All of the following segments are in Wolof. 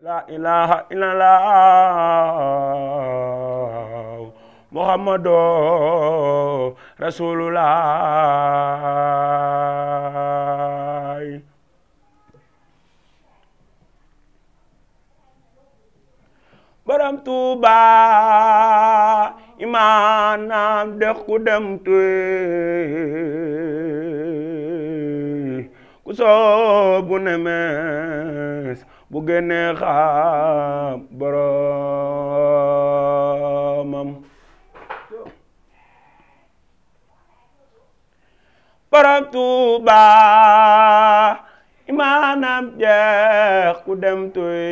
la ilaha illallah muhammadu rasulullah baram tuba imanam de xudam tuye ku soobu ne mees bu génnee xam boromam borom Tuuba imaanam jeex ku dem tuy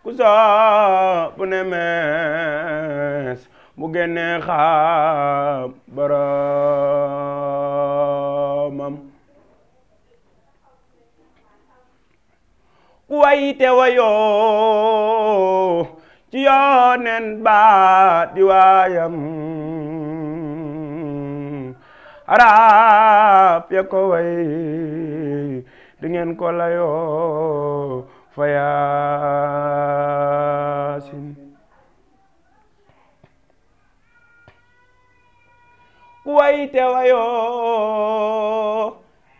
ku soobu ne mees bu génnee xam te wayoo ci yoonen ba di waayam arab ya ko way di ngeen ko layoo fa yaasin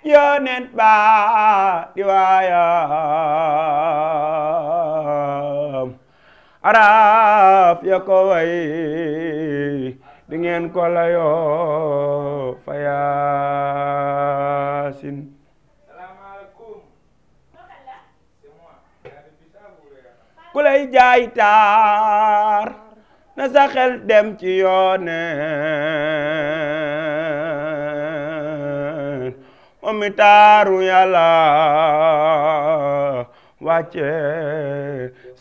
yonent ba di jaay taar na sa dem ci yonent Omitaru taaru yàlla wàcce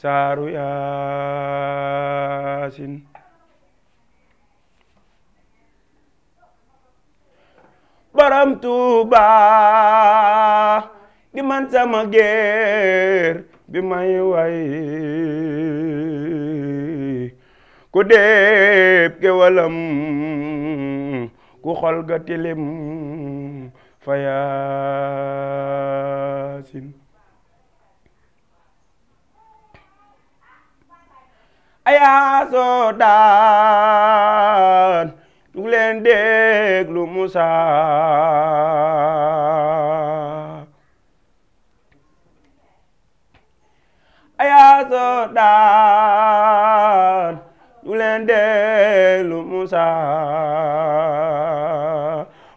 saaru yaasin borom di man sama géer bi may way ku déeb ke walam ku xol ga tilim fayaasin ayaasoo daan jug leen déglu Musa ayaasoo daan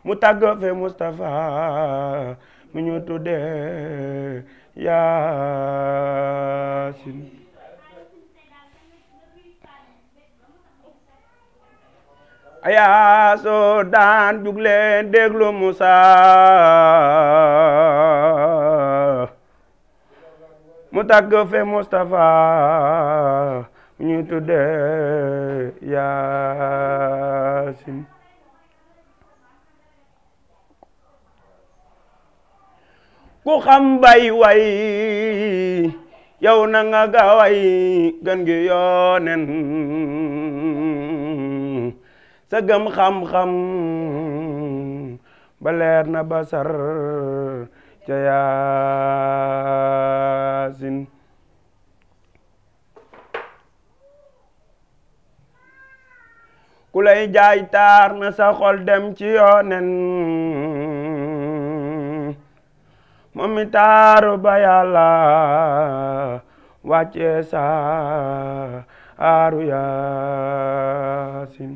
mu tàgga fe Moustapha mu ñu tudde Yaasin ayaa soo daan jugleen déglu Musa mu tàgga fe Moustapha mu ñu tudde Yaasin ku xam bay way yow na nga gaaway gën gi yoonen sa gëm xam-xam ba leer na basar ca yaasin ku lay jaay taar na sa xol dem ci yoonen moom mi taaru ba yàlla wàcce saaru yaasin